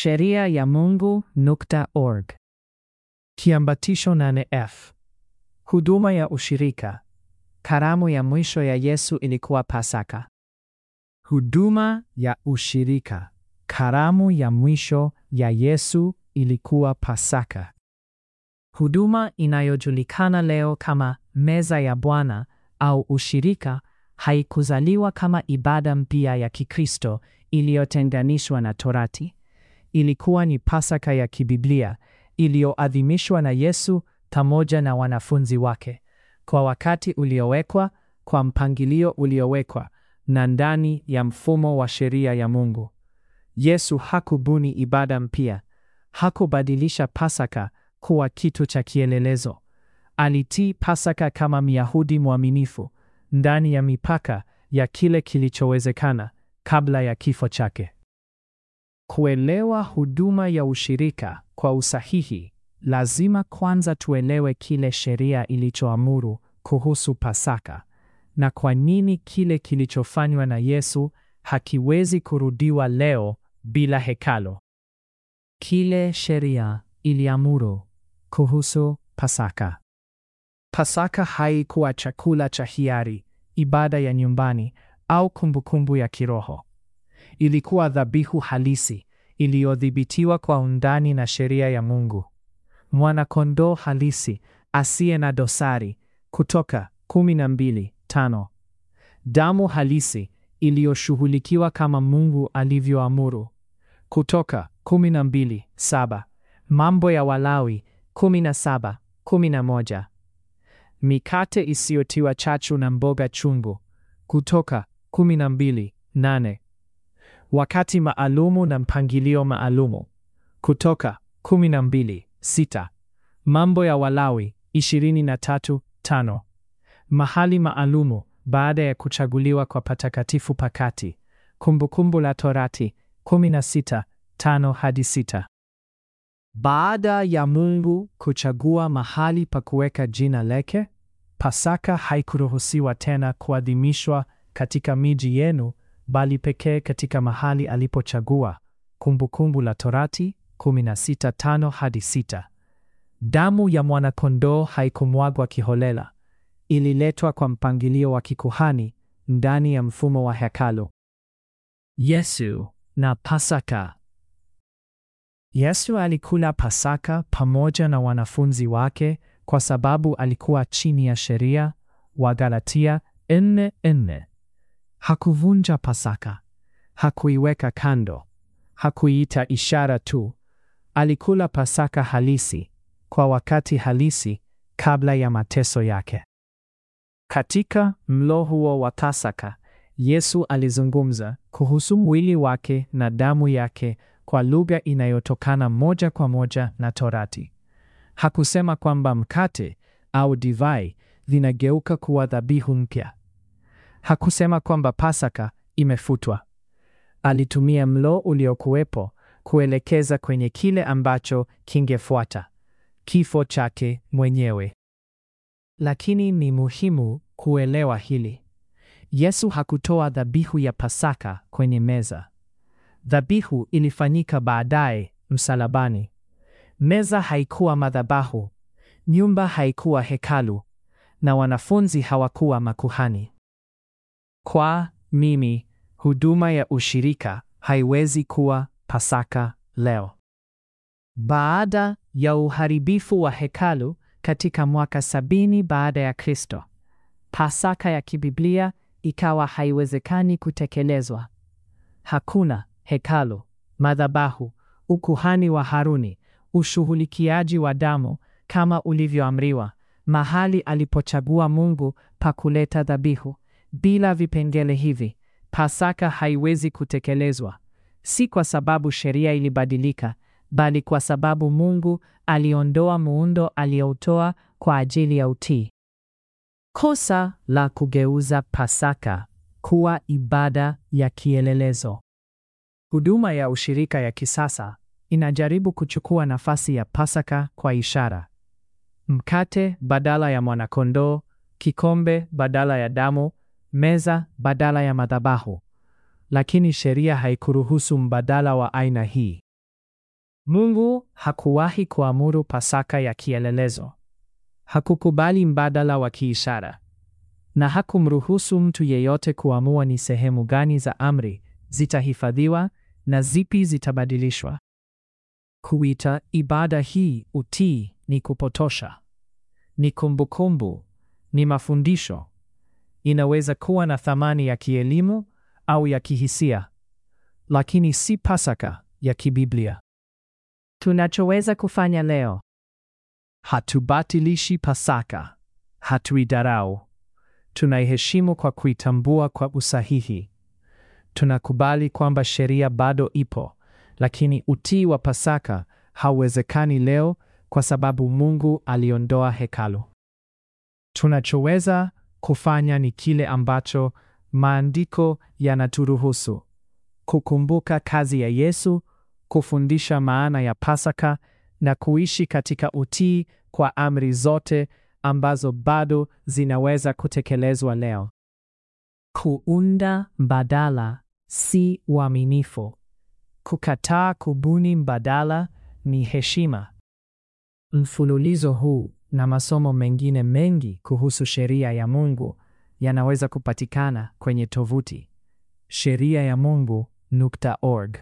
sheria ya Mungu.org. Kiambatisho 8f huduma ya ushirika. Karamu ya mwisho ya Yesu ilikuwa Pasaka. Huduma ya ushirika. Karamu ya mwisho ya Yesu ilikuwa Pasaka. Huduma inayojulikana leo kama meza ya Bwana au ushirika haikuzaliwa kama ibada mpya ya Kikristo iliyotenganishwa na Torati ilikuwa ni Pasaka ya kibiblia iliyoadhimishwa na Yesu pamoja na wanafunzi wake kwa wakati uliowekwa, kwa mpangilio uliowekwa na ndani ya mfumo wa sheria ya Mungu. Yesu hakubuni ibada mpya, hakubadilisha Pasaka kuwa kitu cha kielelezo. Alitii Pasaka kama Myahudi mwaminifu ndani ya mipaka ya kile kilichowezekana kabla ya kifo chake. Kuelewa huduma ya ushirika kwa usahihi, lazima kwanza tuelewe kile sheria ilichoamuru kuhusu Pasaka na kwa nini kile kilichofanywa na Yesu hakiwezi kurudiwa leo bila hekalo. Kile sheria iliamuru kuhusu Pasaka. Pasaka haikuwa chakula cha hiari, ibada ya nyumbani au kumbukumbu ya kiroho. Ilikuwa dhabihu halisi iliyodhibitiwa kwa undani na sheria ya Mungu. Mwanakondoo halisi asiye na dosari, Kutoka 12:5. Damu halisi iliyoshughulikiwa kama Mungu alivyoamuru, Kutoka 12:7. Mambo ya Walawi 17:11. Mikate isiyotiwa chachu na mboga chungu, Kutoka 12:8 wakati maalumu na mpangilio maalumu. Kutoka 12:6. Mambo ya Walawi 23:5. Mahali maalumu baada ya kuchaguliwa kwa patakatifu pakati. Kumbukumbu la Torati 16:5 hadi 6. Baada ya Mungu kuchagua mahali pa kuweka jina lake, Pasaka haikuruhusiwa tena kuadhimishwa katika miji yenu bali pekee katika mahali alipochagua. Kumbukumbu la Torati 16:5 hadi 6. Damu ya mwanakondoo haikumwagwa kiholela, ililetwa kwa mpangilio wa kikuhani ndani ya mfumo wa hekalu. Yesu na Pasaka. Yesu alikula Pasaka pamoja na wanafunzi wake kwa sababu alikuwa chini ya sheria, Wagalatia 4:4. Hakuvunja Pasaka, hakuiweka kando, hakuiita ishara tu. Alikula Pasaka halisi kwa wakati halisi kabla ya mateso yake. Katika mlo huo wa Pasaka, Yesu alizungumza kuhusu mwili wake na damu yake kwa lugha inayotokana moja kwa moja na Torati. Hakusema kwamba mkate au divai vinageuka kuwa dhabihu mpya. Hakusema kwamba Pasaka imefutwa. Alitumia mlo uliokuwepo kuelekeza kwenye kile ambacho kingefuata, kifo chake mwenyewe. Lakini ni muhimu kuelewa hili. Yesu hakutoa dhabihu ya Pasaka kwenye meza. Dhabihu ilifanyika baadaye msalabani. Meza haikuwa madhabahu, nyumba haikuwa hekalu, na wanafunzi hawakuwa makuhani. Kwa mimi, huduma ya ushirika haiwezi kuwa Pasaka leo. Baada ya uharibifu wa hekalu katika mwaka sabini baada ya Kristo, Pasaka ya kibiblia ikawa haiwezekani kutekelezwa. Hakuna hekalu, madhabahu, ukuhani wa Haruni, ushughulikiaji wa damu kama ulivyoamriwa, mahali alipochagua Mungu pa kuleta dhabihu. Bila vipengele hivi, Pasaka haiwezi kutekelezwa, si kwa sababu sheria ilibadilika, bali kwa sababu Mungu aliondoa muundo aliyoutoa kwa ajili ya utii. Kosa la kugeuza Pasaka kuwa ibada ya kielelezo. Huduma ya ushirika ya kisasa inajaribu kuchukua nafasi ya Pasaka kwa ishara. Mkate badala ya mwanakondoo, kikombe badala ya damu, meza badala ya madhabahu, lakini sheria haikuruhusu mbadala wa aina hii. Mungu hakuwahi kuamuru Pasaka ya kielelezo, hakukubali mbadala wa kiishara, na hakumruhusu mtu yeyote kuamua ni sehemu gani za amri zitahifadhiwa na zipi zitabadilishwa. Kuita ibada hii utii ni kupotosha, ni kumbukumbu, ni mafundisho inaweza kuwa na thamani ya kielimu au ya kihisia, lakini si Pasaka ya kibiblia. Tunachoweza kufanya leo: hatubatilishi Pasaka, hatuidarau, tunaiheshimu kwa kuitambua kwa usahihi. Tunakubali kwamba sheria bado ipo, lakini utii wa Pasaka hauwezekani leo kwa sababu Mungu aliondoa hekalu. Tunachoweza Kufanya ni kile ambacho maandiko yanaturuhusu: kukumbuka kazi ya Yesu, kufundisha maana ya Pasaka na kuishi katika utii kwa amri zote ambazo bado zinaweza kutekelezwa leo. Kuunda mbadala si uaminifu. Kukataa kubuni mbadala ni heshima. Mfululizo huu na masomo mengine mengi kuhusu sheria ya Mungu yanaweza kupatikana kwenye tovuti sheria ya Mungu.org.